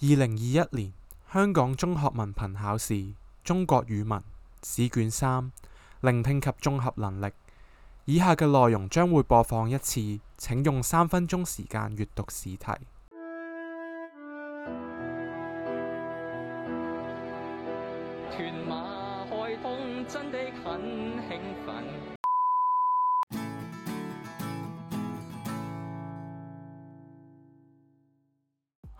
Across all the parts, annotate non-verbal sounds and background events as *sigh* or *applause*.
二零二一年香港中學文憑考試中國語文試卷三聆聽及綜合能力。以下嘅內容將會播放一次，請用三分鐘時間閱讀試題。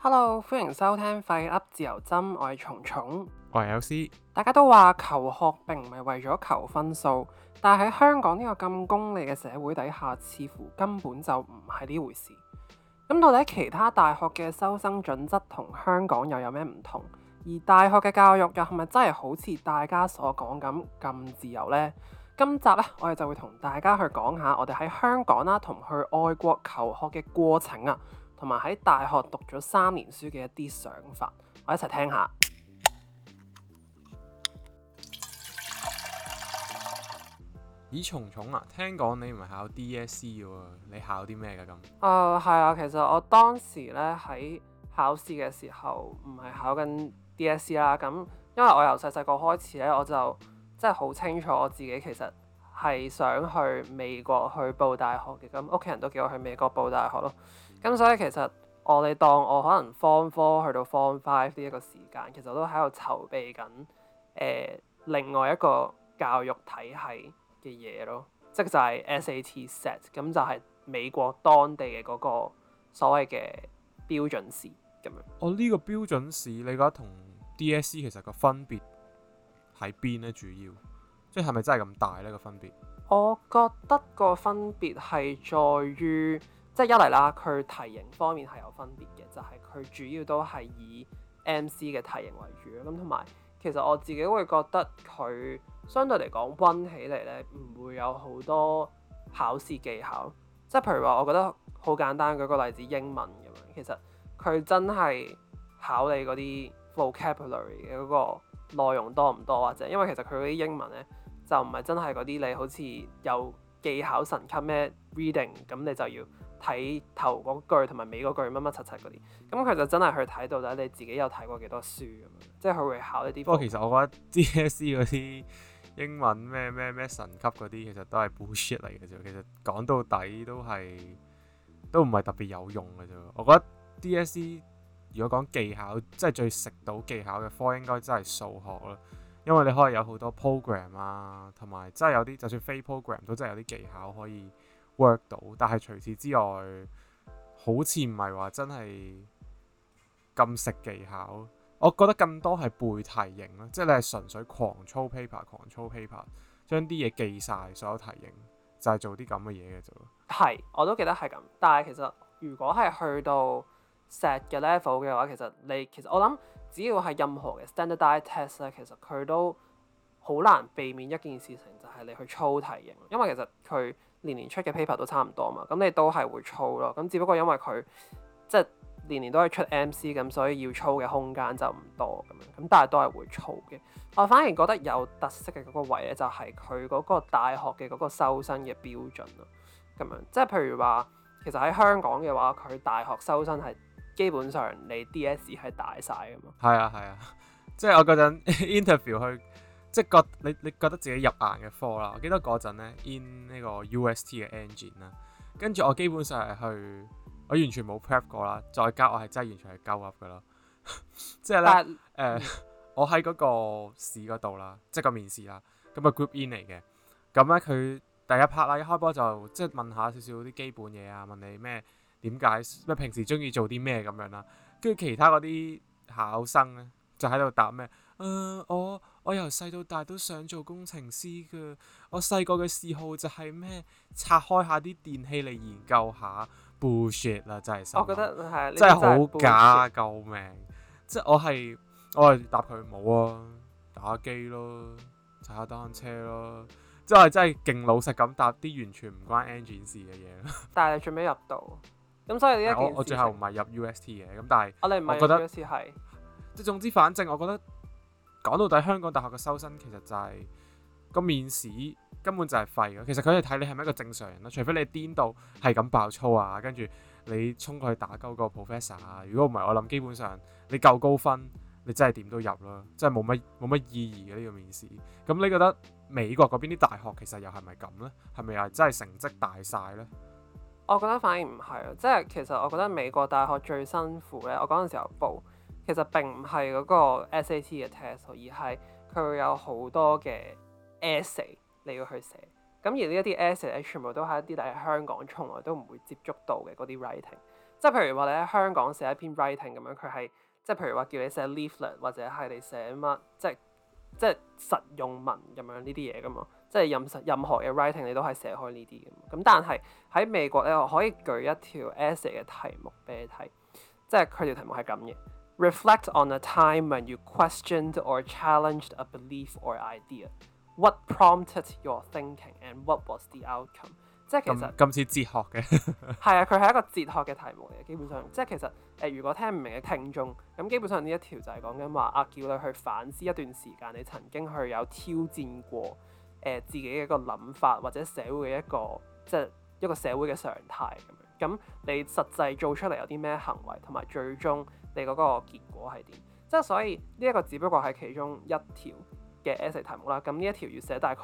Hello，歡迎收聽《廢噏自由真》，我係蟲蟲，我係 L C。我 LC 大家都話，求學並唔係為咗求分數，但係喺香港呢個咁功利嘅社會底下，似乎根本就唔係呢回事。咁到底其他大學嘅收生準則同香港又有咩唔同？而大學嘅教育又係咪真係好似大家所講咁咁自由呢？今集咧，我哋就會同大家去講下我哋喺香港啦、啊，同去外國求學嘅過程啊。同埋喺大學讀咗三年書嘅一啲想法，我一齊聽下。咦，蟲蟲啊！聽講你唔係考 DSE 喎，你考啲咩嘅咁？啊、呃，係啊，其實我當時咧喺考試嘅時候唔係考緊 DSE 啦。咁因為我由細細個開始咧，我就即係好清楚我自己其實係想去美國去報大學嘅。咁屋企人都叫我去美國報大學咯。咁所以其實我哋當我可能 form four 去到 form five 呢一個時間，其實都喺度籌備緊誒、呃、另外一個教育體系嘅嘢咯，即就係 SAT set，咁就係美國當地嘅嗰個所謂嘅標準試咁樣。哦，呢、呢個標準試你覺得同 DSE 其實個分別喺邊咧？主要即係咪真係咁大咧個分別？我覺得個分別係在於。即係一嚟啦，佢題型方面係有分別嘅，就係佢主要都係以 MC 嘅題型為主啦。咁同埋，其實我自己會覺得佢相對嚟講温起嚟咧，唔會有好多考試技巧。即係譬如話，我覺得好簡單舉個例子英文咁樣，其實佢真係考你嗰啲 vocabulary 嘅嗰個內容多唔多，或者因為其實佢嗰啲英文咧就唔係真係嗰啲你好似有技巧神級咩 reading 咁，你就要。睇頭嗰句同埋尾嗰句乜乜柒柒嗰啲，咁佢就真係去睇到底你自己有睇過幾多書咁樣，即係佢會考一啲。不過其實我覺得 DSE 嗰啲英文咩咩咩神級嗰啲，其實都係 bullshit 嚟嘅啫。其實講到底都係都唔係特別有用嘅啫。我覺得 DSE 如果講技巧，即係最食到技巧嘅科，應該真係數學咯，因為你可以有好多 program 啊，同埋真係有啲就算非 program 都真係有啲技巧可以。work 到，但係除此之外，好似唔係話真係咁食技巧。我覺得更多係背題型咯，即係你係純粹狂操 paper，操 paper、狂操 paper，將啲嘢記晒所有題型，就係、是、做啲咁嘅嘢嘅啫。係，我都記得係咁。但係其實如果係去到 set 嘅 level 嘅話，其實你其實我諗，只要係任何嘅 standardized test 咧，其實佢都好難避免一件事情，就係你去操題型，因為其實佢。年年出嘅 paper 都差唔多嘛，咁你都係會操咯，咁只不過因為佢即係年年都係出 MC 咁，所以要操嘅空間就唔多咁樣，咁但係都係會操嘅。我反而覺得有特色嘅嗰個位咧，就係佢嗰個大學嘅嗰個收生嘅標準啦，咁樣即係譬如話，其實喺香港嘅話，佢大學收生係基本上你 DS 係大晒噶嘛。係啊係啊，即係我嗰陣 interview 去。 *laughs* inter 即係覺你，你覺得自己入眼嘅科啦。我記得嗰陣咧，in 呢個 UST 嘅 engine 啦，跟住我基本上係去我完全冇 prep 過啦。再加我係真係完全係鳩噏噶啦，即係咧誒，我喺嗰個試嗰度啦，即係個面試啦，咁個 group in 嚟嘅。咁咧佢第一 part 啦，一開波就即係問下少少啲基本嘢啊，問你咩點解咩平時鍾意做啲咩咁樣啦。跟住其他嗰啲考生咧就喺度答咩誒、呃、我。我由細到大都想做工程師嘅，我細個嘅嗜好就係咩拆開下啲電器嚟研究下 bullshit 啦真係，我覺得係真係好假，救命！即係我係我係答佢冇啊，打機咯，踩下單車咯，即係真係勁老實咁答啲完全唔關 engineer 嘅嘢。但係你最尾入到，咁所以呢？我我最後唔係入 UST 嘅，咁但係我你唔係覺得係，即是總之反正我覺得。講到底，香港大學嘅收生其實就係、是、個面試根本就係廢嘅。其實佢哋睇你係咪一個正常人咯，除非你癲到係咁爆粗啊，跟住你衝過去打鳩個 professor 啊。如果唔係，我諗基本上你夠高分，你真係點都入咯，真係冇乜冇乜意義嘅呢、這個面試。咁你覺得美國嗰邊啲大學其實又係咪咁呢？係咪又係真係成績大晒呢？我覺得反而唔係咯，即係其實我覺得美國大學最辛苦呢，我嗰陣時候報。其實並唔係嗰個 SAT 嘅 test，而係佢會有好多嘅 essay 你要去寫。咁而呢一啲 essay 咧，全部都係一啲但係香港從來都唔會接觸到嘅嗰啲 writing。即係譬如話你喺香港寫一篇 writing 咁樣，佢係即係譬如話叫你寫 leaflet 或者係你寫乜，即係即係實用文咁樣呢啲嘢噶嘛。即係任實任何嘅 writing 你都係寫開呢啲咁。咁但係喺美國咧，我可以舉一條 essay 嘅題目俾你睇，即係佢條題目係咁嘅。Reflect on a time when you questioned or challenged a belief or idea. What prompted your thinking and what was the outcome？即係其實今次哲學嘅，係 *laughs* 啊，佢係一個哲學嘅題目嚟嘅。基本上，即係其實誒、呃，如果聽唔明嘅聽眾，咁基本上呢一條就係講緊話啊，叫你去反思一段時間你曾經去有挑戰過誒、呃、自己嘅一個諗法或者社會嘅一個即係一個社會嘅常態咁樣。咁你實際做出嚟有啲咩行為，同埋最終。你嗰個結果係點？即係所以呢一個只不過係其中一條嘅 Essay 題目啦。咁呢一條要寫大概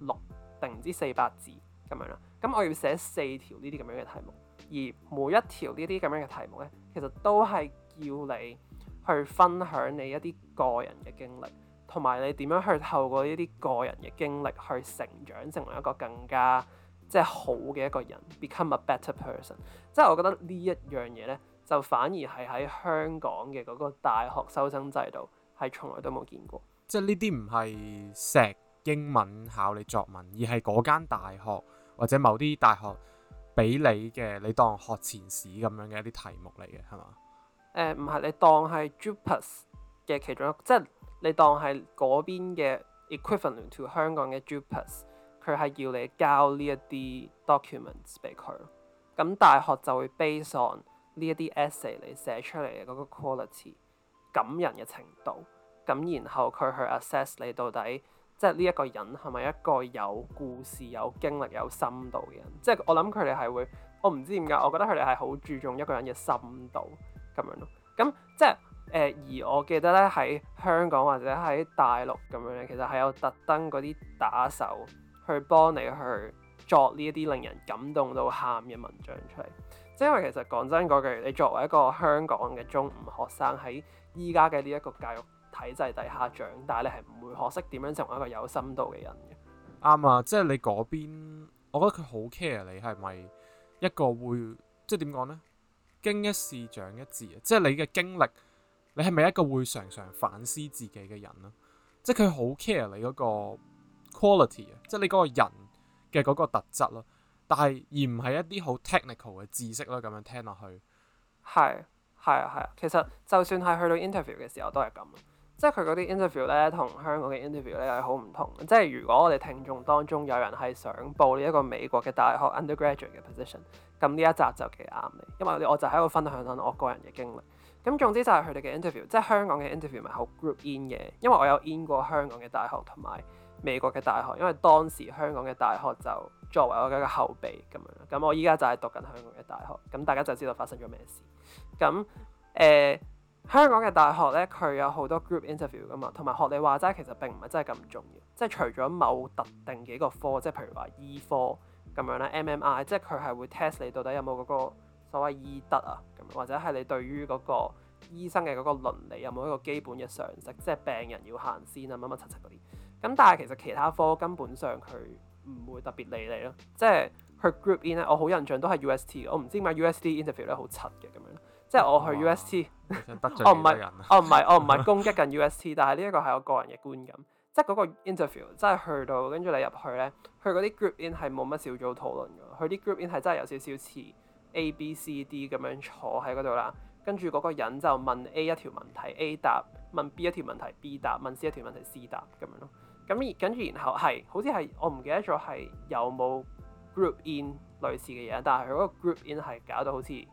六定唔知四百字咁樣啦。咁我要寫四條呢啲咁樣嘅題目，而每一條呢啲咁樣嘅題目咧，其實都係叫你去分享你一啲個人嘅經歷，同埋你點樣去透過呢啲個人嘅經歷去成長，成為一個更加即係好嘅一個人 *noise* ，become a better person。即係我覺得呢一樣嘢咧。就反而係喺香港嘅嗰個大學收生制度，係從來都冇見過。即係呢啲唔係石英文考你作文，而係嗰間大學或者某啲大學俾你嘅，你當學前史咁樣嘅一啲題目嚟嘅，係嘛？誒，唔係你當係 Jupas 嘅其中，一即係你當係嗰邊嘅 equivalent to 香港嘅 Jupas，佢係要你交呢一啲 documents 俾佢，咁大學就會 base on。呢一啲 essay 你寫出嚟嘅嗰個 quality 感人嘅程度，咁然後佢去 assess 你到底即係呢一個人係咪一個有故事、有經歷、有深度嘅人？即係我諗佢哋係會，我唔知點解，我覺得佢哋係好注重一個人嘅深度咁樣咯。咁即係誒，而我記得咧喺香港或者喺大陸咁樣，其實係有特登嗰啲打手去幫你去作呢一啲令人感動到喊嘅文章出嚟。即係其實講真嗰句，你作為一個香港嘅中五學生喺依家嘅呢一個教育體制底下長大，是你係唔會學識點樣成為一個有深度嘅人。啱啊，即係你嗰邊，我覺得佢好 care 你係咪一個會，即係點講呢？經一事長一智啊，即係你嘅經歷，你係咪一個會常常反思自己嘅人咧？即係佢好 care 你嗰個 quality 啊，即係你嗰個人嘅嗰個特質咯。但係而唔係一啲好 technical 嘅知識咯，咁樣聽落去。係係啊係啊，其實就算係去到 interview 嘅時候都係咁。即係佢嗰啲 interview 咧，同香港嘅 interview 咧係好唔同。即係如果我哋聽眾當中有人係想報呢一個美國嘅大學 undergraduate 嘅 position，咁呢一集就幾啱你，因為我就喺度分享緊我個人嘅經歷。咁總之就係佢哋嘅 interview，即係香港嘅 interview 咪好 group in 嘅，因為我有 in 過香港嘅大學同埋美國嘅大學，因為當時香港嘅大學就。作為我嘅後備咁樣，咁我依家就係讀緊香港嘅大學，咁大家就知道發生咗咩事。咁誒、呃，香港嘅大學咧，佢有好多 group interview 噶嘛，同埋學你話齋，其實並唔係真係咁重要。即係除咗某特定幾個科，即係譬如話醫科咁樣啦 MMI 即係佢係會 test 你到底有冇嗰個所謂醫德啊樣，或者係你對於嗰個醫生嘅嗰個倫理有冇一個基本嘅常識，即係病人要行先啊，乜乜七七嗰啲。咁但係其實其他科根本上佢。唔會特別理你咯，即係去 group in 咧，我好印象都係 UST，我唔知點解 UST interview 咧好柒嘅咁樣，即係我去 UST 得我唔係，我唔係， *laughs* 我唔係 *laughs* 攻擊緊 UST，但係呢一個係我個人嘅觀感， *laughs* 即係嗰個 interview，真係去到跟住你入去咧，佢嗰啲 group in 係冇乜小組討論嘅，佢啲 group in 係真係有少少似 A B C D 咁樣坐喺嗰度啦，跟住嗰個人就問 A 一條問題，A 答，問 B 一條問題，B 答，問 C 一條問題，問條問題，問條問題，C 答咁樣咯。咁跟住然後係好似係，我唔記得咗係有冇 group in 類似嘅嘢，但係佢嗰個 group in 係搞到好似即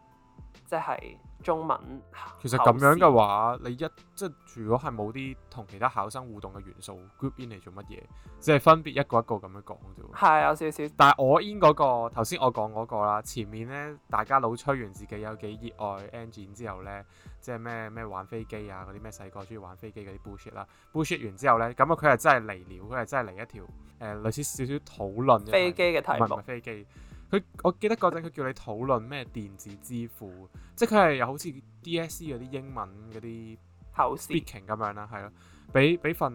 係。即係中文其實咁樣嘅話，像你一即係如果係冇啲同其他考生互動嘅元素，group in 嚟做乜嘢？即係分別一個一個咁樣講啫喎。係有的、嗯、少少。但係我 in 嗰個，頭先我講嗰個啦，前面咧大家老吹完自己有幾熱愛 engine 之後咧，即係咩咩玩飛機啊嗰啲咩細個中意玩飛機嗰啲 bullshit 啦，bullshit 完之後咧，咁啊佢係真係嚟了，佢係真係嚟一條誒、呃、類似少少，少討論飛機嘅題目飛機。佢我記得嗰陣佢叫你討論咩電子支付，即係佢係又好似 DSE 嗰啲英文嗰啲口試 speaking 咁樣啦，係咯，俾俾份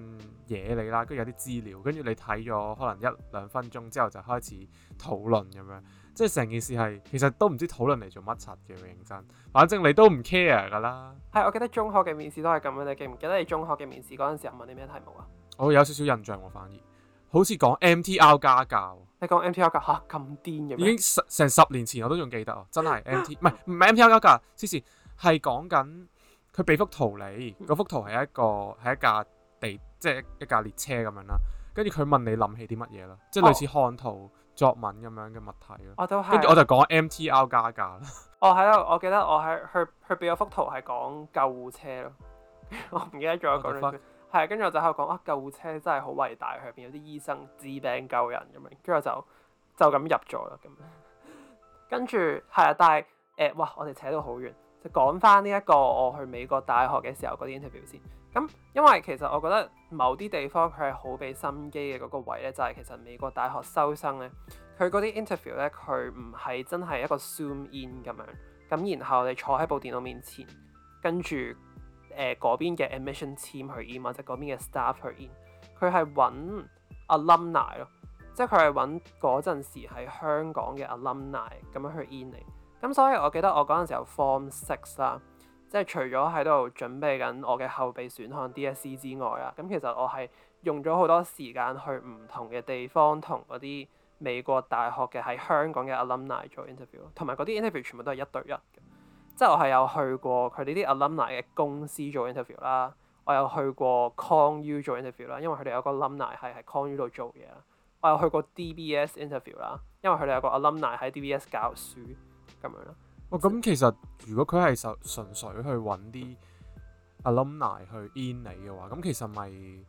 嘢你啦，跟住有啲資料，跟住你睇咗可能一兩分鐘之後就開始討論咁樣，即係成件事係其實都唔知討論嚟做乜柒嘅，認真，反正你都唔 care 㗎啦。係，我記得中學嘅面試都係咁樣，你記唔記得你中學嘅面試嗰陣時有問你咩題目啊、哦？我有少少印象喎，反而好似講 MTR 家教。你講 MTR 加價咁癲嘅，啊、已經十成十年前我都仲記得哦，真係 M T 唔係唔係 MTR 加價，之前係講緊佢俾幅圖你，嗰幅圖係一個係一架地，即係一架列車咁樣啦。跟住佢問你諗起啲乜嘢咯，即係類似看圖、哦、作文咁樣嘅物體咯。跟住我，我就講 MTR 加價啦。哦，係啊，我記得我係佢佢俾咗幅圖係講救護車咯，我唔記得咗講咗係，跟住我就喺度講啊，救護車真係好偉大，佢入邊有啲醫生治病救人咁樣，跟住我就就咁入咗啦咁樣 *laughs* 跟住係啊，但係誒哇，我哋扯到好遠，就講翻呢一個我去美國大學嘅時候嗰啲 interview 先。咁因為其實我覺得某啲地方佢係好俾心機嘅嗰個位咧，就係、是、其實美國大學收生咧，佢嗰啲 interview 咧，佢唔係真係一個 zoom in 咁樣，咁然後你坐喺部電腦面前，跟住。誒嗰、呃、邊嘅 admission team 去 in，或者嗰邊嘅 staff 去 in，佢係揾 alumni 咯，即係佢係揾嗰陣時喺香港嘅 alumni 咁樣去 in 嚟。咁所以我記得我嗰陣時候 form six 啦，即係除咗喺度準備緊我嘅後備選項 DSE 之外啊，咁其實我係用咗好多時間去唔同嘅地方同嗰啲美國大學嘅喺香港嘅 alumni 做 interview，同埋嗰啲 interview 全部都係一對一。即係我係有去過佢哋啲 alumni 嘅公司做 interview 啦，我有去過 Con U 做 interview 啦，因為佢哋有個 alumni 係喺 Con U 度做嘢啦。我有去過 DBS interview 啦，因為佢哋有個 alumni 喺 DBS 教書咁樣咯。哦，咁其實如果佢係純粹去揾啲 alumni 去 in 你嘅話，咁其實咪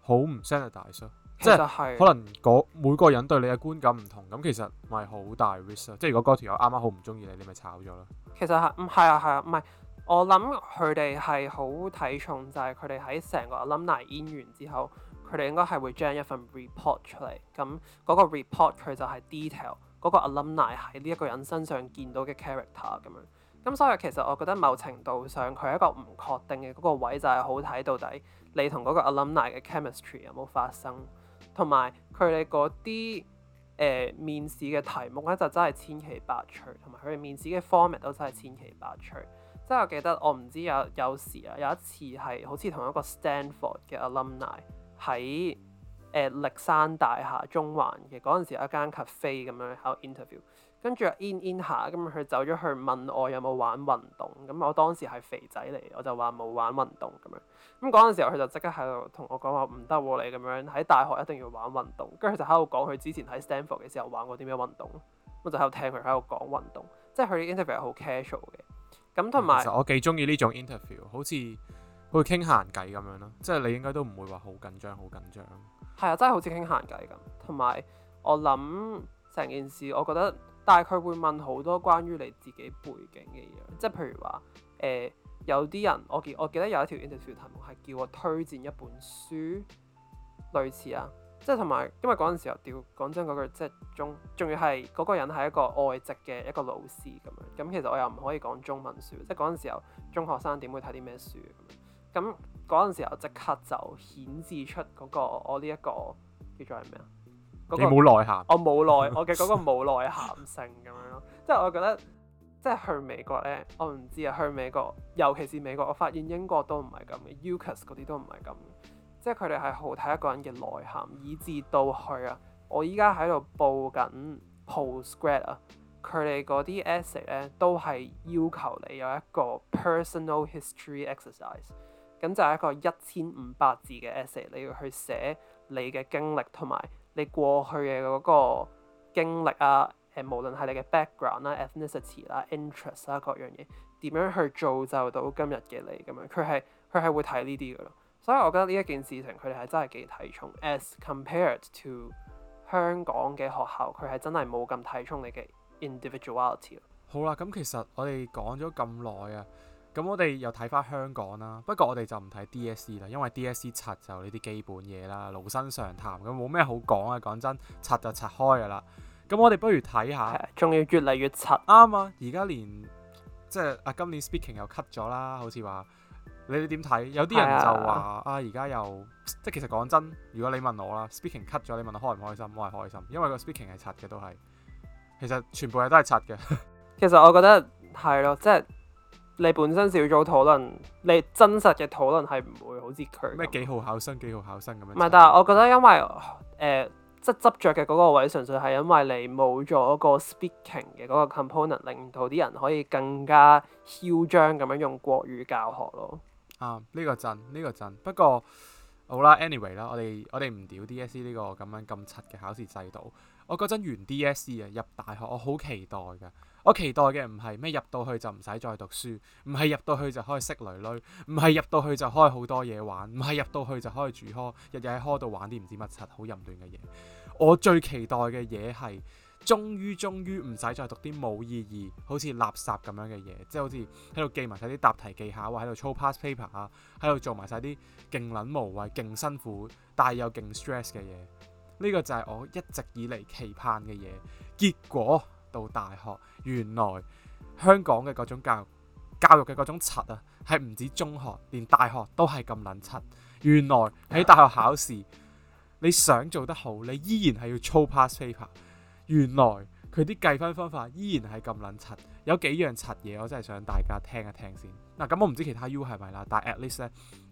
好唔 standardised 咯。即係可能嗰每個人對你嘅觀感唔同，咁其實咪好大 risk 咯。即係如果嗰條友啱啱好唔中意你，你咪炒咗咯。其實係，嗯係啊係啊，唔係、啊、我諗佢哋係好睇重就係佢哋喺成個 alumni in 完之後，佢哋應該係會將一份 report 出嚟。咁嗰個 report 佢就係 detail 嗰個 alumni 喺呢一個人身上見到嘅 character 咁樣。咁所以其實我覺得某程度上佢係一個唔確定嘅嗰個位，就係好睇到底你同嗰個 alumni 嘅 chemistry 有冇發生。同埋佢哋嗰啲誒面試嘅題目咧，就真係千奇百趣，同埋佢哋面試嘅 format 都真係千奇百趣。即係我記得我，我唔知有有時啊，有一次係好似同一個 Stanford 嘅 alumni 喺誒歷、呃、山大廈中環嘅嗰陣時，有一間 cafe 咁樣喺度 interview。跟住 in in 下咁，佢、嗯、走咗去問我有冇玩運動咁、嗯。我當時係肥仔嚟，我就話冇玩運動咁樣。咁嗰陣時候，佢就即刻喺度同我講話唔得喎，你咁樣喺大學一定要玩運動。跟住佢就喺度講佢之前喺 Stanford 嘅時候玩過啲咩運動。我、嗯、就喺度聽佢喺度講運動，即係佢 interview 好 casual 嘅。咁同埋其實我幾中意呢種 interview，好似好似傾閒偈咁樣咯。即係你應該都唔會話好緊張，好緊張。係啊，真係好似傾閒偈咁。同埋我諗成件事，我覺得。但係佢會問好多關於你自己背景嘅嘢，即係譬如話，誒、呃、有啲人我記，我記得有一條 interview 題目係叫我推薦一本書，類似啊，即係同埋因為嗰陣時候屌講真嗰句、那個，即係中，仲要係嗰個人係一個外籍嘅一個老師咁樣，咁其實我又唔可以講中文書，即係嗰陣時候中學生點會睇啲咩書咁，咁嗰陣時候即刻就顯示出嗰、那個我呢、這、一個叫做係咩啊？那個、你冇內涵，我冇內我嘅嗰個冇內涵性咁樣咯。 *laughs* 即係我覺得，即係去美國咧，我唔知啊。去美國尤其是美國，我發現英國都唔係咁嘅。Ucas 嗰啲都唔係咁，即係佢哋係好睇一個人嘅內涵，以至到去啊。我依家喺度報緊 Postgrad 啊，佢哋嗰啲 Essay 咧都係要求你有一個 Personal History Exercise，咁就係一個一千五百字嘅 Essay，你要去寫你嘅經歷同埋。你過去嘅嗰個經歷啊，誒無論係你嘅 background 啦、啊、ethnicity 啦、interest 啦各樣嘢，點樣去造就到今日嘅你咁樣，佢係佢係會睇呢啲嘅咯。所以我覺得呢一件事情，佢哋係真係幾睇重。As compared to 香港嘅學校，佢係真係冇咁睇重你嘅 individuality 咯。好啦，咁其實我哋講咗咁耐啊。咁我哋又睇翻香港啦，不過我哋就唔睇 DSE 啦，因為 DSE 柒就呢啲基本嘢啦，老生常談咁冇咩好講啊，講真，柒就柒開噶啦。咁我哋不如睇下，仲要越嚟越柒。啱啊，而家連即係啊，今年 speaking 又 cut 咗啦，好似話，你哋點睇？有啲人就話啊，而家、啊、又即係其實講真，如果你問我啦，speaking cut 咗，你問我開唔開心，我係開心，因為個 speaking 係柒嘅都係，其實全部嘢都係柒嘅。 *laughs* 其實我覺得係咯，即係。就是你本身小組討論，你真實嘅討論係唔會好似佢咩幾號考生幾號考生咁樣？唔係，但係我覺得因為誒，即、呃、係執着嘅嗰個位，純粹係因為你冇咗個 speaking 嘅嗰個 component，令到啲人可以更加囂張咁樣用國語教學咯。啊，呢個真，呢個真。不過好啦，anyway 啦，我哋我哋唔屌 DSE 呢個咁樣咁柒嘅考試制度。我嗰陣完 DSE 啊，入大學我好期待噶。我期待嘅唔係咩入到去就唔使再讀書，唔係入到去就可以識女女，唔係入到去就可以好多嘢玩，唔係入到去就可以住 hall，日日喺 hall 度玩啲唔知乜柒好淫亂嘅嘢。我最期待嘅嘢係，終於終於唔使再讀啲冇意義、好似垃圾咁樣嘅嘢，即係好似喺度記埋晒啲答題技巧啊，喺度操 pass paper 啊，喺度做埋晒啲勁撚無謂，勁辛苦但係又勁 stress 嘅嘢。呢個就係我一直以嚟期盼嘅嘢。結果。到大學，原來香港嘅嗰種教育、教育嘅嗰種柒啊，係唔止中學，連大學都係咁撚柒。原來喺大學考試，你想做得好，你依然係要操 past paper。原來佢啲計分方法依然係咁撚柒。有幾樣柒嘢，我真係想大家聽一聽先。嗱、啊，咁我唔知其他 U 係咪啦，但係 at least 咧，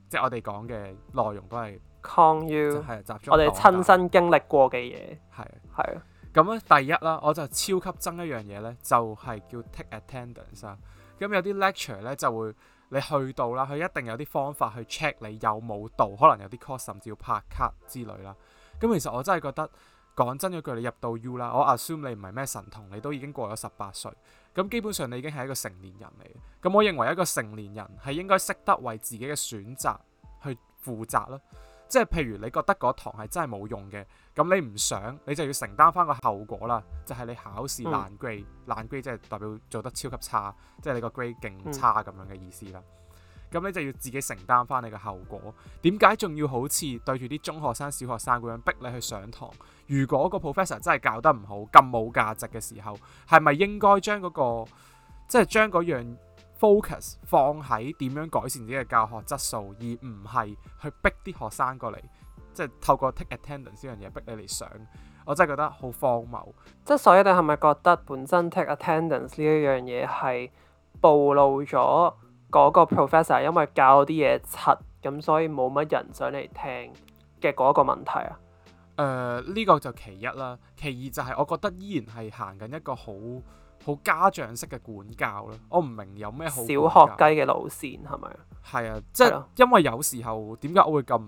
即係我哋講嘅內容都係 con u，就係集中講，我哋親身經歷過嘅嘢，係係啊。咁咧，第一啦，我就超級憎一樣嘢咧，就係叫 take attendance 啊。咁有啲 lecture 咧，就會你去到啦，佢一定有啲方法去 check 你有冇到，可能有啲 course 甚至要拍卡之類啦。咁其實我真係覺得講真一句，你入到 U 啦，我 assume 你唔係咩神童，你都已經過咗十八歲。咁基本上你已經係一個成年人嚟嘅。咁我認為一個成年人係應該識得為自己嘅選擇去負責啦。即係譬如你覺得嗰堂係真係冇用嘅。咁你唔想，你就要承擔翻個後果啦。就係、是、你考試爛 grade，爛 grade 即係代表做得超級差，即、就、係、是、你個 grade 勁差咁樣嘅意思啦。咁、嗯、你就要自己承擔翻你個後果。點解仲要好似對住啲中學生、小學生咁樣逼你去上堂？如果個 professor 真係教得唔好，咁冇價值嘅時候，係咪應該將嗰個即係將嗰樣 focus 放喺點樣改善自己嘅教學質素，而唔係去逼啲學生過嚟？即係透過 take attendance 呢樣嘢逼你嚟上，我真係覺得好荒謬。即係所以你係咪覺得本身 take attendance 呢一樣嘢係暴露咗嗰個 professor 因為教啲嘢柒，咁所以冇乜人想嚟聽嘅嗰個問題啊？誒、呃，呢、呢個就其一啦。其二就係我覺得依然係行緊一個好好家長式嘅管教咯。我唔明有咩好。小學雞嘅路線係咪？係啊，即、就、係、是、了因為有時候點解我會咁？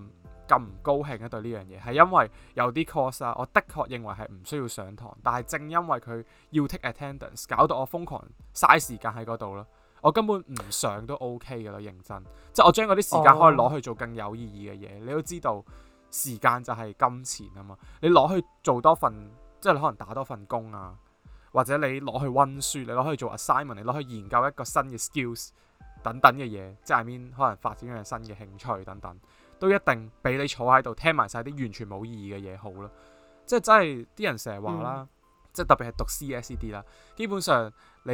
咁唔高興啊對！對呢樣嘢係因為有啲 course 啊，我的確認為係唔需要上堂，但係正因為佢要 take attendance，搞到我瘋狂嘥時間喺嗰度咯。我根本唔上都 OK 嘅啦，認真。即係我將嗰啲時間可以攞去做更有意義嘅嘢。Oh. 你都知道時間就係金錢啊嘛。你攞去做多份，即你可能打多份工啊，或者你攞去温書，你攞去做 assignment，你攞去研究一個新嘅 skills 等等嘅嘢。即係 mean 可能發展一樣新嘅興趣等等。都一定畀你坐喺度聽埋晒啲完全冇意義嘅嘢，好啦，即係真係啲人成日話啦，嗯、即係特別係讀 C S 呢啲啦，基本上你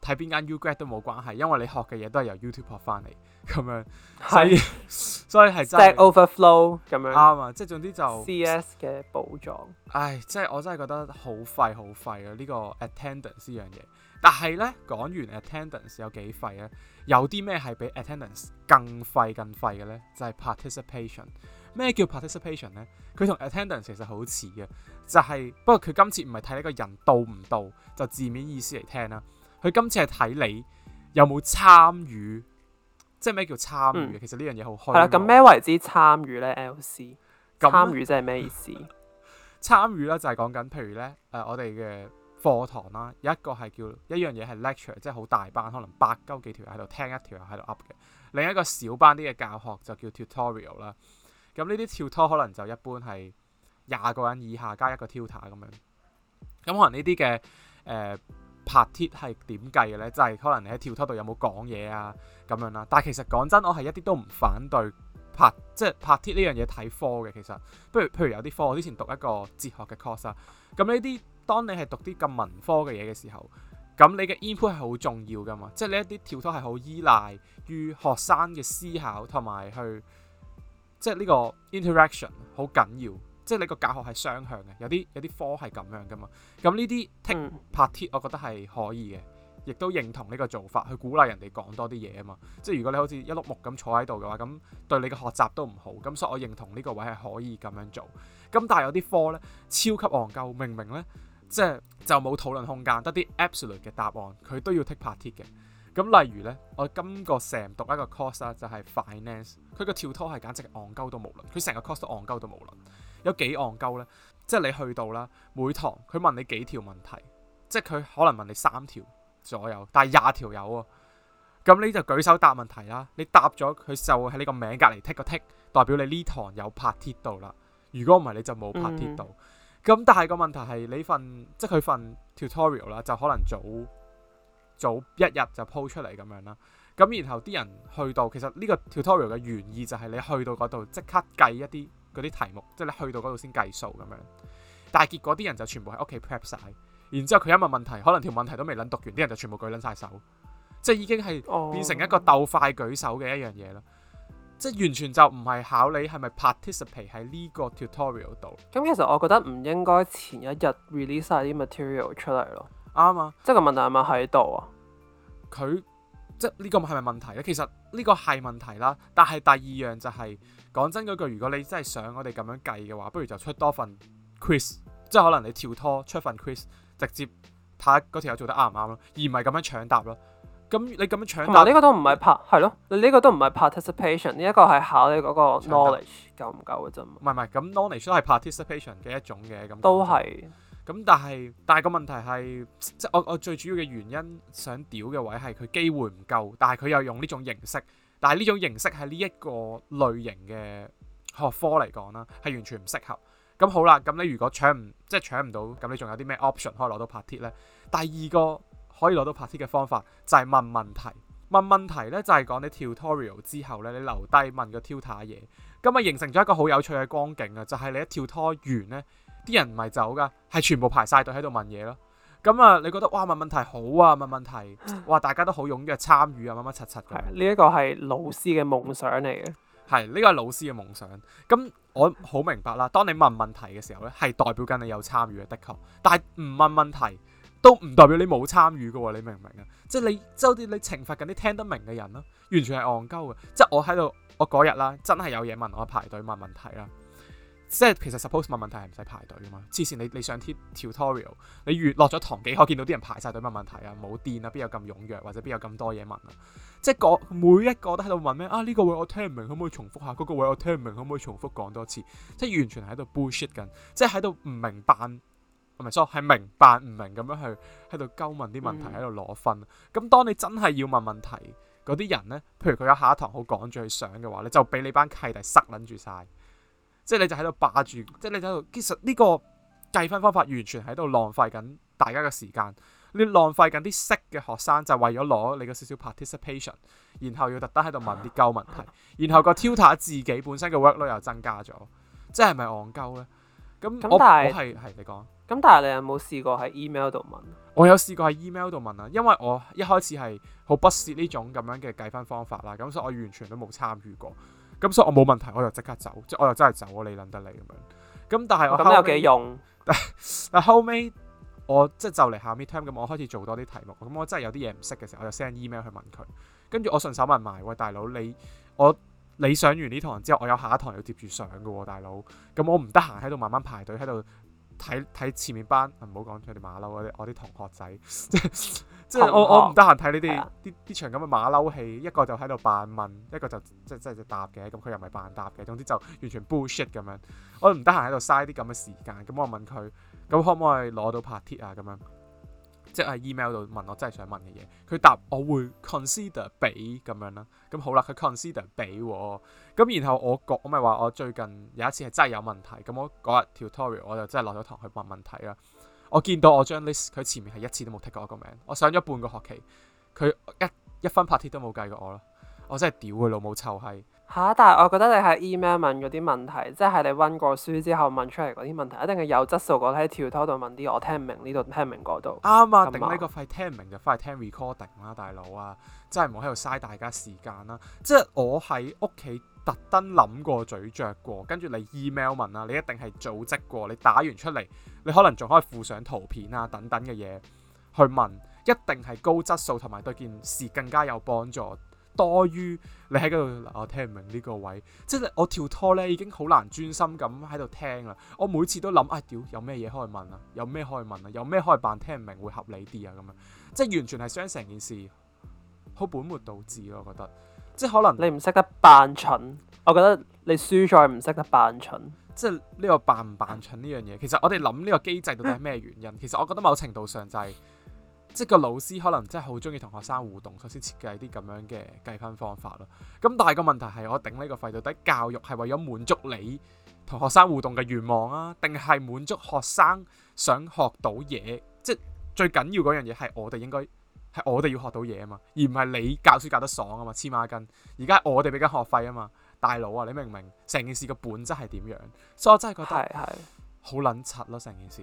睇邊間 Ugrad 都冇關係，因為你學嘅嘢都係由 YouTube 學翻嚟咁樣，所以是 *laughs* 所以係真 stack overflow 咁樣啱啊，即係總之就 C S 嘅寶藏。唉，即係我真係覺得好廢好廢啊，呢、呢個 attendance 呢樣嘢。但係咧，講完 attendance 有幾廢咧？有啲咩係比 attendance 更廢更廢嘅咧？就係、是、participation。咩叫 participation 咧？佢同 attendance 其實好似嘅，就係、是、不過佢今次唔係睇呢個人到唔到，就字面意思嚟聽啦。佢今次係睇你有冇參與，即係咩叫參與？嗯、其實呢樣嘢好虛。係啦、嗯，咁咩為之參與咧？LC 參與即係咩意思？嗯嗯嗯嗯、參與咧就係講緊，譬如咧誒、呃，我哋嘅。課堂啦，有一個係叫一樣嘢係 lecture，即係好大班，可能八鳩幾條喺度聽，一條喺度 up 嘅。另一個小班啲嘅教學就叫 tutorial 啦。咁呢啲跳拖可能就一般係廿個人以下加一個 tutor 咁樣。咁可能呢啲嘅誒 part t 係點計嘅咧？就係可能你喺跳拖度有冇講嘢啊咁樣啦。但係其實講真，我係一啲都唔反對 part，即係 part t 呢樣嘢睇科嘅。其實不如譬如有啲科，我之前讀一個哲學嘅 course 啊，咁呢啲。當你係讀啲咁文科嘅嘢嘅時候，咁你嘅 input 係好重要噶嘛？即係你一啲跳脱係好依賴於學生嘅思考同埋去，即係呢個 interaction 好緊要。即係你個教學係雙向嘅，有啲有啲科係咁樣噶嘛。咁呢啲 take part 我覺得係可以嘅，亦都認同呢個做法去鼓勵人哋講多啲嘢啊嘛。即係如果你好似一碌木咁坐喺度嘅話，咁對你嘅學習都唔好。咁所以我認同呢個位係可以咁樣做。咁但係有啲科呢，超級戇鳩，明明呢。即係就冇討論空間，得啲 absolute 嘅答案，佢都要 tick 拍 tick 嘅。咁例如呢，我今個成讀一個 course 啦，啊，就係、是、finance，佢個跳拖係簡直戇鳩都無倫，佢成個 course 都戇鳩都無倫。有幾戇鳩呢？即係你去到啦，每堂佢問你幾條問題，即係佢可能問你三條左右，但係廿條有喎，哦。咁你就舉手答問題啦，你答咗佢就喺你個名隔離 tick 個 tick，代表你呢堂有拍 tick 到啦。如果唔係你就冇拍 tick 到。Hmm. 咁但係個問題係你份即係佢份 tutorial 啦，就可能早早一日就 po 出嚟咁樣啦。咁然後啲人去到，其實呢個 tutorial 嘅原意就係你去到嗰度即刻計一啲嗰啲題目，即係你去到嗰度先計數咁樣。但係結果啲人就全部喺屋企 prep 曬，然之後佢一問問題，可能條問題都未撚讀完，啲人就全部舉撚晒手，即係已經係變成一個鬥快舉手嘅一樣嘢咯。即完全就唔係考慮你係咪 participate 喺呢個 tutorial 度。咁其實我覺得唔應該前一日 release 曬啲 material 出嚟咯。啱啊！即係個問題係咪喺度啊？佢即呢個係咪問題咧？其實呢個係問題啦。但係第二樣就係、係、講真嗰句，如果你真係想我哋咁樣計嘅話，不如就出多份 quiz，即係可能你跳拖出份 quiz，直接睇下嗰條友做得啱唔啱咯，而唔係咁樣搶答咯。咁你咁樣搶嗱呢個都唔係 part 係咯，呢個都唔係 participation，呢一個係考你嗰個 knowledge 到夠唔夠嘅啫嘛。唔係唔係，咁 knowledge 都係 participation 嘅一種嘅咁。都係是。咁但係，但係個問題係，即係我我最主要嘅原因想屌嘅位係佢機會唔夠，但係佢又用呢種形式，但係呢種形式喺呢一個類型嘅學科嚟講啦，係完全唔適合。咁好啦，咁你如果搶唔即係搶唔到，咁你仲有啲咩 option 可以攞到 part 咧？第二個。可以攞到拍貼嘅方法就係問問題，問問題咧就係講你跳 tutorial 之後咧，你留低問個挑塔嘢，咁啊形成咗一個好有趣嘅光景啊，就係你一跳拖完咧，啲人唔係走噶，係全部排晒隊喺度問嘢咯。咁啊，你覺得哇問問題好啊，問問題，哇大家都好踴躍參與啊乜乜柒柒。係，呢一個係老師嘅夢想嚟嘅。係，呢個係老師嘅夢想。咁我好明白啦，當你問問題嘅時候咧，係代表緊你有參與嘅，的確。但係唔問問題，都唔代表你冇參與嘅喎，你明唔明啊？即係你，即係啲你懲罰緊啲聽得明嘅人咯、啊，完全係戇鳩嘅。即係我喺度，我嗰日啦，真係有嘢問，我排隊問問題啦。即係其實 suppose 問問題係唔使排隊嘅嘛。之前你你上 T tutorial，你越落咗堂幾可見到啲人排晒隊問問題啊，冇、啊、電啊，邊有咁踴躍，或者邊有咁多嘢問啊？即係個每一個都喺度問咩啊？呢、呢個位我聽唔明，可唔可以重複下？嗰、嗰個位我聽唔明，可唔可以重複講多次？即係完全喺度 bullshit 緊，即係喺度唔明白。唔係，錯係明白唔明咁樣去喺度鳩問啲問題，喺度攞分。咁當你真係要問問題嗰啲人呢，譬如佢有下一堂好趕住去上嘅話咧，你就俾你班契弟塞撚住晒，即係你就喺度霸住。即係你喺度，其實呢個計分方法完全喺度浪費緊大家嘅時間。你浪費緊啲識嘅學生，就係為咗攞你嘅少少 participation，然後要特登喺度問啲鳩問題，啊、然後個 tutor 自己本身嘅 workload 又增加咗，即係咪戇鳩呢？咁我但我係係你講。咁但係你有冇試過喺 email 度問？我有試過喺 email 度問啊，因為我一開始係好不屑呢種咁樣嘅計分方法啦，咁、嗯、所以我完全都冇參與過，咁、嗯、所以我冇問題，我就即刻走，即我又真係走，你諗得你咁樣。咁、嗯、但係我、哦、有幾用？但 *laughs* 後尾我即係就嚟下 midterm，咁、嗯、我開始做多啲題目，咁、嗯、我真係有啲嘢唔識嘅時候，我就 send email 去問佢，跟住我順手問埋：喂大佬，你我你上完呢堂之後，我有下一堂要接住上㗎喎，大佬。咁、嗯嗯、我唔得閒喺度慢慢排隊喺度。睇睇前面班，唔好講佢哋馬騮，我哋我啲同學仔，即 *laughs* 即我學我唔得閒睇你哋啲啲場咁嘅馬騮戲，一個就喺度扮問，一個就即即係答嘅，咁佢又唔係扮答嘅，總之就完全 bullshit 咁樣，我唔得閒喺度嘥啲咁嘅時間，咁我問佢，咁可唔可以攞到 part two 啊咁樣？即係 email 度問我真係想問嘅嘢，佢答我會 consider 俾咁樣啦。咁好啦，佢 consider 俾咁，然後我覺我咪話我最近有一次係真係有問題，咁我嗰日 tutorial 我就真係落咗堂去問問題啦。我見到我張 list 佢前面係一次都冇 tick 過我個名，我上咗半個學期，佢一一分 party 都冇計過我咯。我真係屌佢老母臭閪！吓、啊！但係我覺得你喺 email 問嗰啲問題，即係你溫過書之後問出嚟嗰啲問題，一定係有質素過。嗰啲調拖度問啲我聽唔明呢度，聽唔明嗰度。啱、嗯、啊！頂呢個肺聽唔明就翻去聽 recording 啦、啊，大佬啊！真係唔好喺度嘥大家時間啦、啊！即係我喺屋企特登諗過、咀嚼過，跟住你 email 問啊，你一定係組織過，你打完出嚟，你可能仲可以附上圖片啊等等嘅嘢去問，一定係高質素同埋對件事更加有幫助。多於你喺嗰度，我、啊、聽唔明呢個位，即係我跳拖咧已經好難專心咁喺度聽啦。我每次都諗啊，屌有咩嘢可以問啊，有咩可以問啊，有咩可以扮聽唔明會合理啲啊咁樣，即係完全係傷成件事，好本末倒置咯。我覺得即係可能你唔識得扮蠢，我覺得你輸咗，唔識得扮蠢。即係呢、個扮唔扮蠢呢樣嘢，其實我哋諗呢個機制到底係咩原因？嗯、其實我覺得某程度上就係、係。即係個老師可能真係好中意同學生互動，首先設計啲咁樣嘅計分方法咯。咁但係個問題係，我頂呢個肺到底教育係為咗滿足你同學生互動嘅願望啊，定係滿足學生想學到嘢？即係最緊要嗰樣嘢係我哋應該係我哋要學到嘢啊嘛，而唔係你教書教得爽啊嘛，黐孖筋。而家我哋俾緊學費啊嘛，大佬啊，你明唔明？成件事嘅本質係點樣？所以我真係覺得係係是好捻柒咯，成件事。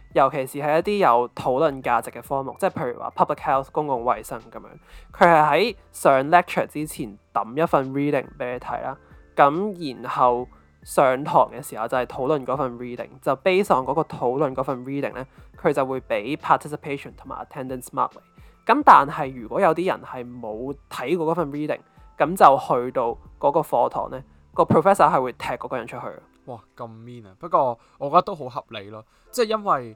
尤其是係一啲有討論價值嘅科目，即係譬如話 public health 公共衛生咁樣，佢係喺上 lecture 之前揼一份 reading 俾你睇啦。咁然後上堂嘅時候就係討論嗰份 reading，就 base 上嗰個討論嗰份 reading 咧，佢就會俾 participation 同埋 attendance mark。咁但係如果有啲人係冇睇過嗰份 reading，咁就去到嗰個課堂咧，個 professor 係會踢嗰個人出去。哇咁 mean 啊！不過我覺得都好合理咯，即係因為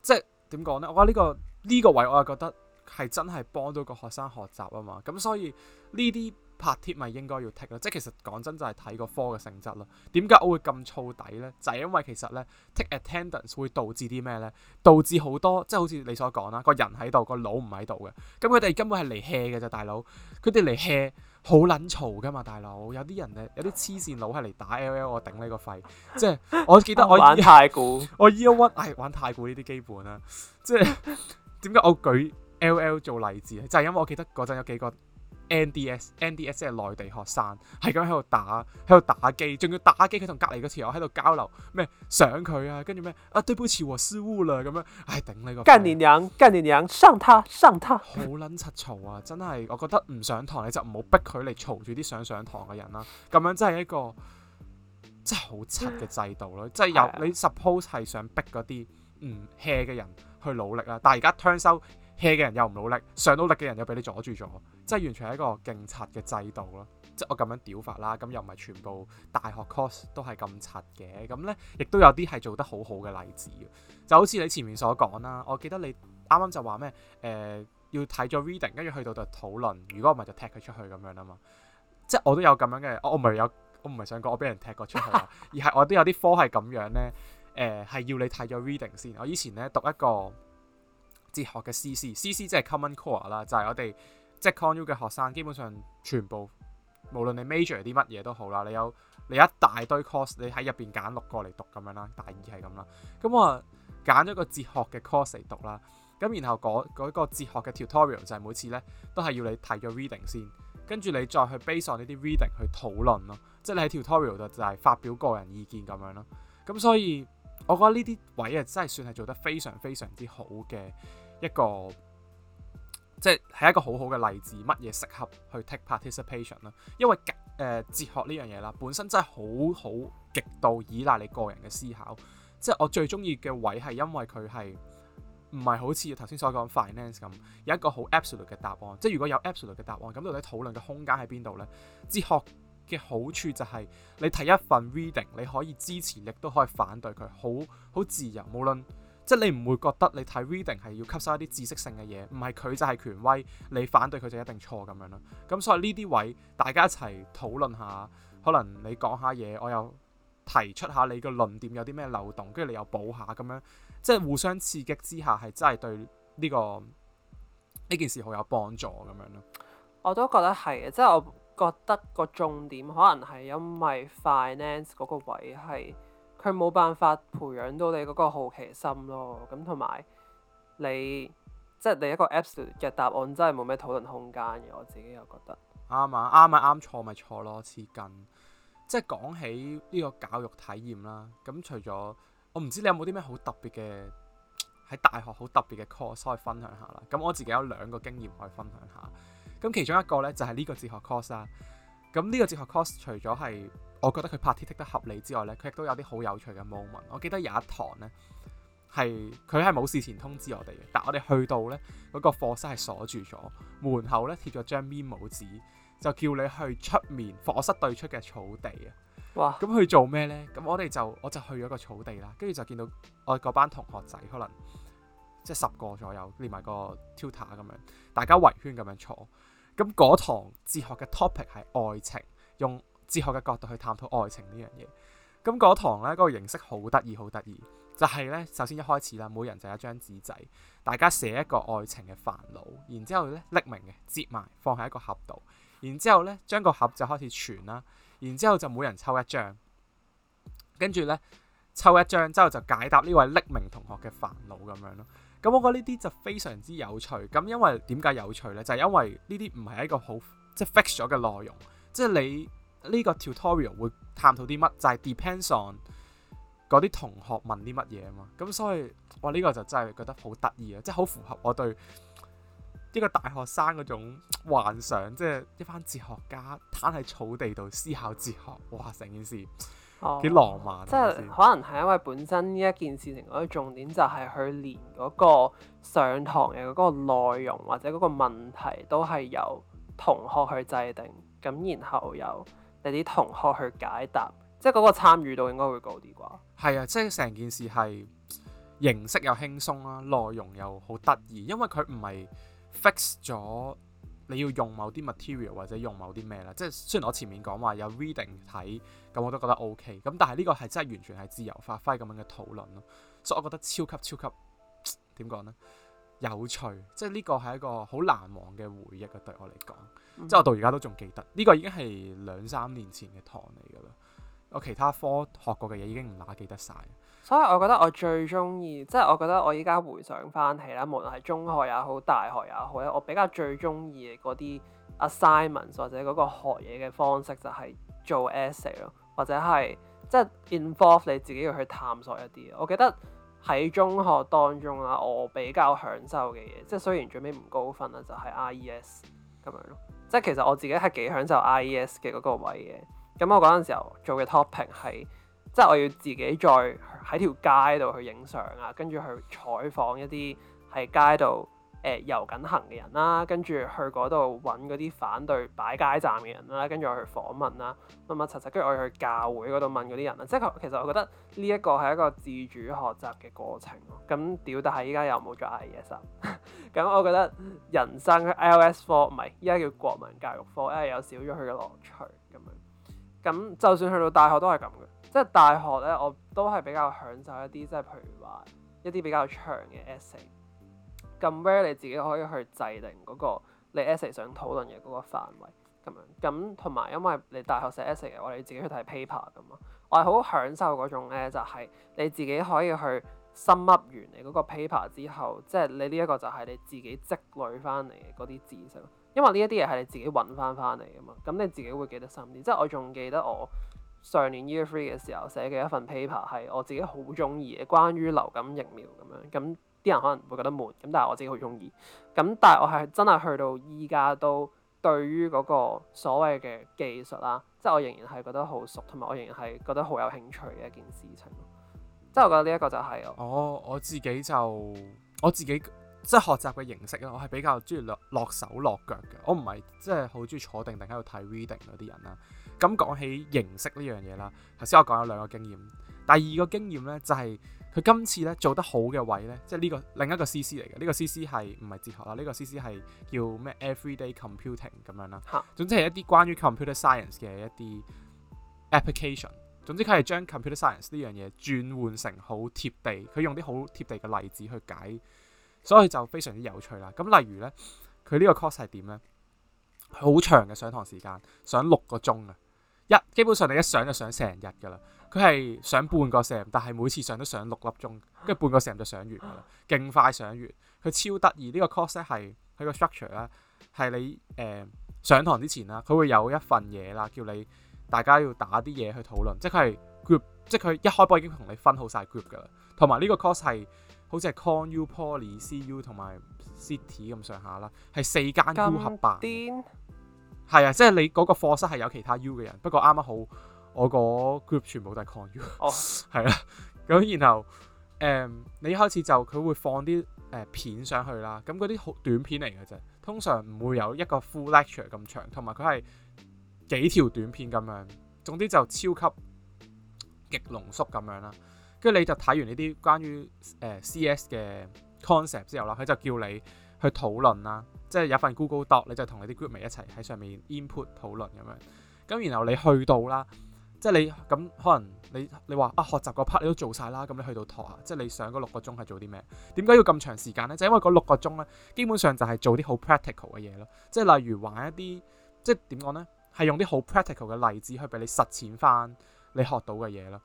即係點講咧？哇呢我覺得、這個呢、這個位我又覺得係真係幫到個學生學習啊嘛！咁所以呢啲拍 a 咪應該要剔 i 咯。即係其實講真就係睇個科嘅性質咯。點解我會咁燥底呢？就係、是、因為其實呢 t a k e attendance 會導致啲咩呢？導致多好多即係好似你所講啦，個人喺度個腦唔喺度嘅，咁佢哋根本係嚟 hea 嘅就大佬，佢哋嚟 hea。好撚嘈㗎嘛，大佬！有啲人咧，有啲黐線佬係嚟打 L L，我頂你個肺！即係我記得我， *laughs* 我玩太古，我 Year One，哎，玩太古呢啲基本啦。即係點解我舉 L L 做例子啊？就係、是、因為我記得嗰陣有幾個。NDS NDS 係內地學生，係咁喺度打，喺度打機，仲要打機。佢同隔籬嗰條友喺度交流咩？想佢啊，跟住咩？啊，對不起，我失誤啦，咁樣。唉，頂你個。幹你娘，幹你娘，上他，上他。 *laughs* 好撚柒嘈啊！真係，我覺得唔上堂你就唔好逼佢嚟嘈住啲想上堂嘅人啦、啊。咁樣真係一個真係好柒嘅制度咯、啊。即係由你 suppose 係想逼嗰啲唔 hea 嘅人去努力啦、啊。但係而家 hea 嘅人又唔努力，上到力嘅人又俾你阻住咗，即係完全係一個勁柒嘅制度咯。即係我咁樣屌法啦，咁又唔係全部大學 course 都係咁柒嘅，咁呢亦都有啲係做得好好嘅例子。就好似你前面所講啦，我記得你啱啱就話咩？誒、呃，要睇咗 reading，跟住去到就討論，如果唔係就踢佢出去咁樣啊嘛。即係我都有咁樣嘅，我唔係有，我唔係想講，我俾人踢過出去， *laughs* 而係我都有啲科係咁樣呢，誒、呃，係要你睇咗 reading 先。我以前呢讀一個。哲學嘅 CC，CC 即係 common core 啦，就係我哋即係 conu 嘅學生，基本上全部無論你 major 啲乜嘢都好啦，你有你有一大堆 course，你喺入邊揀六個嚟讀咁樣啦，大二係咁啦，咁我揀咗個哲學嘅 course 嚟讀啦，咁然後嗰個哲學嘅 tutorial 就係每次咧都係要你睇咗 reading 先，跟住你再去 base on 呢啲 reading 去討論咯，即係你喺 tutorial 度就係發表個人意見咁樣咯，咁所以我覺得呢啲位啊真係算係做得非常非常之好嘅。一個即係一個好好嘅例子，乜嘢適合去 take participation 啦？因為誒、呃、哲學呢樣嘢啦，本身真係好好極度依賴你個人嘅思考。即係我最中意嘅位係因為佢係唔係好似頭先所講 finance 咁，有一個好 absolute 嘅答案。即係如果有 absolute 嘅答案，咁到底討論嘅空間喺邊度呢？哲學嘅好處就係、是、你睇一份 reading，你可以支持，亦都可以反對佢，好好自由，無論。即係你唔會覺得你睇 reading 係要吸收一啲知識性嘅嘢，唔係佢就係權威，你反對佢就一定錯咁樣咯。咁所以呢啲位大家一齊討論下，可能你講下嘢，我又提出下你個論點有啲咩漏洞，跟住你又補下咁樣，即係互相刺激之下係真係對呢個呢件事好有幫助咁樣咯。我都覺得係，即係我覺得個重點可能係因為 finance 嗰個位係。佢冇辦法培養到你嗰個好奇心咯，咁同埋你即係你一個 Apps 嘅答案真係冇咩討論空間嘅，我自己又覺得。啱啊，啱啊，啱咪啱，錯咪錯咯，黐筋。即係講起呢個教育體驗啦，咁除咗我唔知你有冇啲咩好特別嘅喺大學好特別嘅 course 可以分享下啦。咁我自己有兩個經驗可以分享下。咁其中一個呢，就係呢個哲學 course 啦。咁呢個哲學 course 除咗係我覺得佢拍 TikTok 合理之外呢，佢亦都有啲好有趣嘅 moment。我記得有一堂呢，係佢係冇事前通知我哋嘅，但我哋去到呢，嗰個課室係鎖住咗，門口呢貼咗張 memo 紙，就叫你去出面課室對出嘅草地啊！哇！咁去做咩呢？咁我哋就我就去咗個草地啦，跟住就見到我嗰班同學仔可能即係十個左右，連埋個 tutor 咁樣，大家圍圈咁樣坐。咁嗰堂哲學嘅 topic 係愛情，用，哲學嘅角度去探討愛情呢樣嘢，咁嗰堂呢，嗰個形式好得意，好得意就係呢。首先一開始啦，每人就有一張紙仔，大家寫一個愛情嘅煩惱，然之後呢匿名嘅，折埋放喺一個盒度，然之後呢將個盒就開始傳啦。然之後就每人抽一張，跟住呢抽一張之後就解答呢位匿名同學嘅煩惱咁樣咯。咁我覺得呢啲就非常之有趣。咁因為點解有趣呢？就係因為呢啲唔係一個好即係 fix 咗嘅內容，即係你。呢個 tutorial 會探討啲乜，就係、是、depends on 嗰啲同學問啲乜嘢啊嘛。咁所以，哇！呢、這個就真係覺得好得意啊，即係好符合我對一個大學生嗰種幻想，即係一班哲學家攤喺草地度思考哲學。哇！成件事幾浪漫。哦、等等即係可能係因為本身呢一件事情嗰個重點就係佢連嗰個上堂嘅嗰個內容或者嗰個問題都係由同學去制定，咁然後又，你啲同學去解答，即係嗰個參與度應該會高啲啩。係啊，即係成件事係形式又輕鬆啦、啊，內容又好得意，因為佢唔係 fix 咗你要用某啲 material 或者用某啲咩啦。即係雖然我前面講話有 reading 睇，咁我都覺得 OK。咁但係呢個係真係完全係自由發揮咁樣嘅討論咯，所以我覺得超級超級點講呢？有趣。即係呢個係一個好難忘嘅回憶啊，對我嚟講。嗯、即係我到而家都仲記得，呢個已經係兩三年前嘅堂嚟㗎啦。我其他科學過嘅嘢已經唔乸記得晒。所以我覺得我最中意，即係我覺得我依家回想翻起啦，無論係中學也好，大學也好咧，我比較最中意嘅嗰啲 assignments 或者嗰個學嘢嘅方式就係做 essay 咯，或者係即係 involve 你自己要去探索一啲。我記得喺中學當中啊，我比較享受嘅嘢，即係雖然最尾唔高分啦，就係 IES 咁樣咯。即係其實我自己係幾享受 IES 嘅嗰個位嘅，咁我嗰陣時候做嘅 topic 係，即係我要自己再喺條街度去影相啊，跟住去採訪一啲喺街度，誒遊緊行嘅人啦，跟住去嗰度揾嗰啲反對擺街站嘅人啦，跟住我去訪問啦，乜乜柒柒，跟住我要去教會嗰度問嗰啲人啦，即係其實我覺得呢一個係一個自主學習嘅過程。咁屌，但係依家又冇咗 IES。咁我覺得人生、I、L.S. 課唔係依家叫國民教育課，因為有少咗佢嘅樂趣咁樣。咁就算去到大學都係咁嘅，即係大學咧我都係比較享受一啲，即係譬如話一啲比較長嘅 essay。咁 where 你自己可以去制定嗰、那個你 essay 想討論嘅嗰個範圍咁樣，咁同埋因為你大學寫 essay 嘅話，你自己去睇 paper 噶嘛，我係好享受嗰種咧，就係、是、你自己可以去深挖完你嗰個 paper 之後，即係你呢一個就係你自己積累翻嚟嘅嗰啲知識，因為呢一啲嘢係你自己揾翻翻嚟噶嘛，咁你自己會記得深啲。即係我仲記得我上年 year three 嘅時候寫嘅一份 paper 係我自己好鍾意嘅，關於流感疫苗咁樣咁。啲人可能會覺得悶，咁但係我自己好中意。咁但係我係真係去到依家都對於嗰個所謂嘅技術啦，即係我仍然係覺得好熟，同埋我仍然係覺得好有興趣嘅一件事情。即係我覺得呢一個就係我、哦、我自己就我自己即係學習嘅形式啦，我係比較中意落，落手落腳嘅。我唔係即係好中意坐定定喺度睇 reading 嗰啲人啦。咁講起形式呢樣嘢啦，頭先我講咗兩個經驗，第二個經驗呢，就係，佢今次咧做得好嘅位咧，即係呢個另一個 CC 嚟嘅。呢個 CC 係唔係哲學啦？呢個 CC 係叫咩？Everyday Computing 咁樣啦吓。總之係一啲關於 Computer Science 嘅一啲 application。總之佢係將 Computer Science 呢樣嘢轉換成好貼地，佢用啲好貼地嘅例子去解，所以佢就非常之有趣啦。咁例如咧，佢呢個 course 係點咧？好長嘅上堂時間，上六個鐘啊！一基本上你一上就上成日㗎啦。佢係上半個成，但係每次上都上六粒鐘，跟住半個成就上完啦，勁快上完。佢超得意呢個 course 咧，係佢個 structure 咧，係你誒、呃、上堂之前啦，佢會有一份嘢啦，叫你大家要打啲嘢去討論。即係 group，即係佢一開波已經同你分好晒 group 噶啦。同埋呢個 course 係好似係 Con U、Poly、CU 同埋 City 咁上下啦，係四間 U 合辦。係啊，即係你嗰個課室係有其他 U 嘅人，不過啱啱好。我嗰 group 全部都係 con u，係啦。咁然後誒、嗯，你一開始就佢會放啲誒、呃、片上去啦。咁嗰啲好短片嚟嘅啫，通常唔會有一個 full lecture 咁長，同埋佢係幾條短片咁樣。總之就超級極濃縮咁樣啦。跟住你就睇完呢啲關於誒、呃、CS 嘅 concept 之後啦，佢就叫你去討論啦，即、就、係、是、有份 Google Doc，你就同你啲 group mate 一齊喺上面 input 討論咁樣。咁然後你去到啦。即係你咁可能你你話啊學習個 part 你都做晒啦，咁你去到台即係你上嗰六個鐘係做啲咩？點解要咁長時間呢？就因為嗰六個鐘呢，基本上就係做啲好 practical 嘅嘢咯。即係例如玩一啲即係點講呢？係用啲好 practical 嘅例子去俾你實踐翻你學到嘅嘢咯。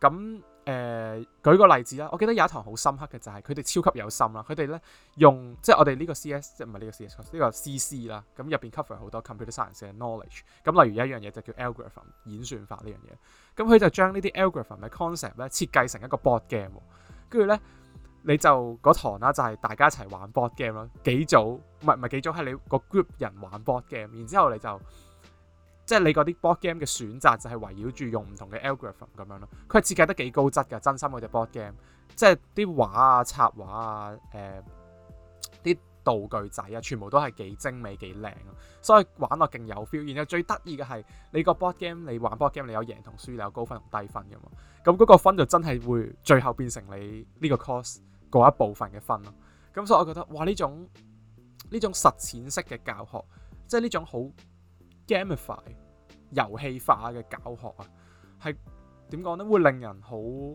咁誒、呃、舉個例子啦，我記得有一堂好深刻嘅就係佢哋超級有心啦，佢哋咧用即係我哋呢個 CS 即唔係呢個 CS 呢個 CC 啦，咁入邊 cover 好多 computer science 嘅 knowledge，咁例如有一樣嘢就叫 algorithm 演算法呢樣嘢，咁佢就將呢啲 algorithm 嘅 concept 咧設計成一個 board game，跟住咧你就嗰堂啦就係、是、大家一齊玩 board game 咯，幾組唔係，唔係幾組，係你個 group 人玩 board game，然之後你就。即係你嗰啲 board game 嘅選擇就係圍繞住用唔同嘅 algorithm 咁樣咯，佢係設計得幾高質噶，真心嗰隻 board game，即係啲畫啊、插畫啊、誒、呃、啲道具仔啊，全部都係幾精美、幾靚咯，所以玩落勁有 feel。然後最得意嘅係你個 board game，你玩 board game，你有贏同輸，你有高分同低分噶嘛，咁嗰個分就真係會最後變成你呢個 course 嗰一部分嘅分咯。咁所以我覺得哇，呢種呢種實踐式嘅教學，即係呢種好。Gamify 遊戲化嘅教學啊，係點講呢？會令人好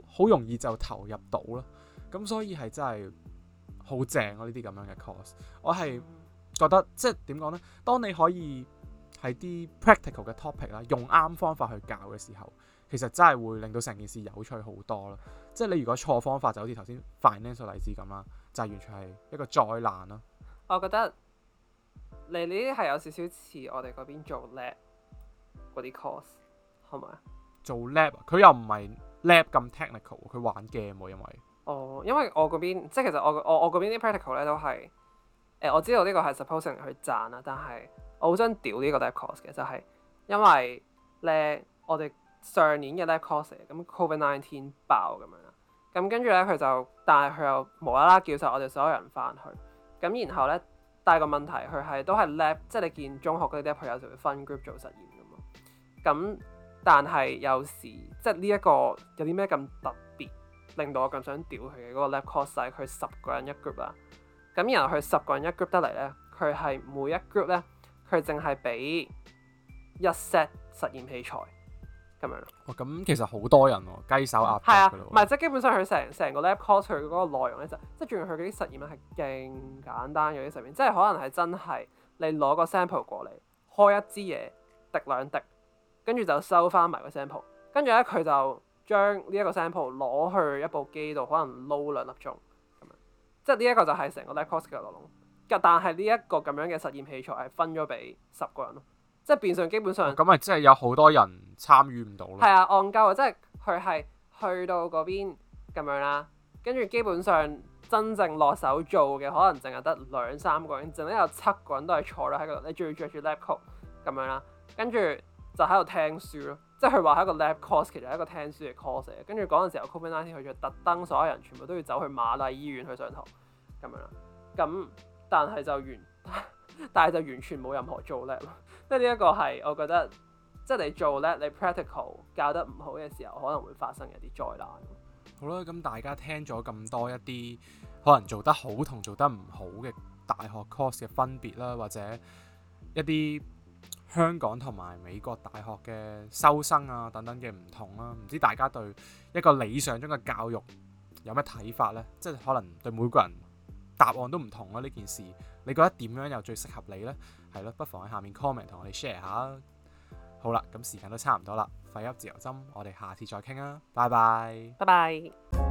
好容易就投入到啦。咁所以係真係好正咯！呢啲咁樣嘅 course，我係覺得即係點講呢？當你可以喺啲 practical 嘅 topic 啦，用啱方法去教嘅時候，其實真係會令到成件事有趣好多啦。即係你如果錯方法，就好似頭先 financial 例子咁啦，就係、完全係一個災難啦。我覺得。你呢啲係有少少似我哋嗰邊做 lab 嗰啲 course，係咪啊？做 lab 佢又唔係 lab 咁 technical，佢玩 game 嘅。冇因為。哦，因為我嗰邊即係其實我我我嗰邊啲 practical 咧都係誒、呃，我知道呢個係 supposedly 去賺啦，但係我好想屌呢個 lab course 嘅，就係、是、因為咧我哋上年嘅 lab course 咁 COVID-19 爆咁樣啦，咁跟住咧佢就但係佢又無啦啦叫晒我哋所有人翻去，咁然後咧。但係個問題，佢係都係 lab，即係你見中學嗰啲 lab，佢有時會分 group 做實驗噶嘛。咁但係有時即係呢一個有啲咩咁特別，令到我咁想屌佢嘅嗰個 lab course 係佢十個人一 group 啦。咁然後佢十個人一 group 得嚟咧，佢係每一 group 咧，佢淨係俾一 set 實驗器材。咁樣，咁、哦、其實好多人喎、啊，雞手鴨，鴨啊，唔係即係基本上佢成成個 lab course 佢嗰個內容咧就，即係仲要佢嗰啲實驗係勁簡單嗰啲實驗，即係可能係真係你攞個 sample 過嚟，開一支嘢，滴兩滴，跟住就收翻埋個 sample，跟住咧佢就將呢一個 sample 攞去一部機度，可能撈兩粒鐘，咁樣即係呢一個就係成個 lab course 嘅內容。但係呢一個咁樣嘅實驗器材係分咗俾十個人咯。即係變相基本上咁咪、哦、即係有好多人參與唔到咯。係啊，按鳩啊，即係佢係去到嗰邊咁樣啦，跟住基本上真正落手做嘅可能淨係得兩三個人，剩低有七個人都係坐啦喺度，你仲要著住 lab coat 咁樣啦，跟住就喺度聽書咯。即係佢話喺一個 lab course，其實係一個聽書嘅 course 嚟嘅。跟住嗰陣時，COVID-19 佢仲特登所有人全部都要走去瑪麗醫院去上堂咁樣。咁但係就完， *laughs* 但係就完全冇任何做 lab 咯。即係呢一個係我覺得，即係你做咧你 practical 教得唔好嘅時候，可能會發生一啲災難。好啦，咁大家聽咗咁多一啲可能做得好同做得唔好嘅大學 course 嘅分別啦，或者一啲香港同埋美國大學嘅收生啊等等嘅唔同啦、啊，唔知大家對一個理想中嘅教育有咩睇法呢？即係可能對每個人答案都唔同咯、啊，呢件事。你覺得點樣又最適合你呢？係咯，不妨喺下面 comment 同我哋 share 下。好啦，咁時間都差唔多啦，廢噏自由針，我哋下次再傾啦，拜拜。拜拜。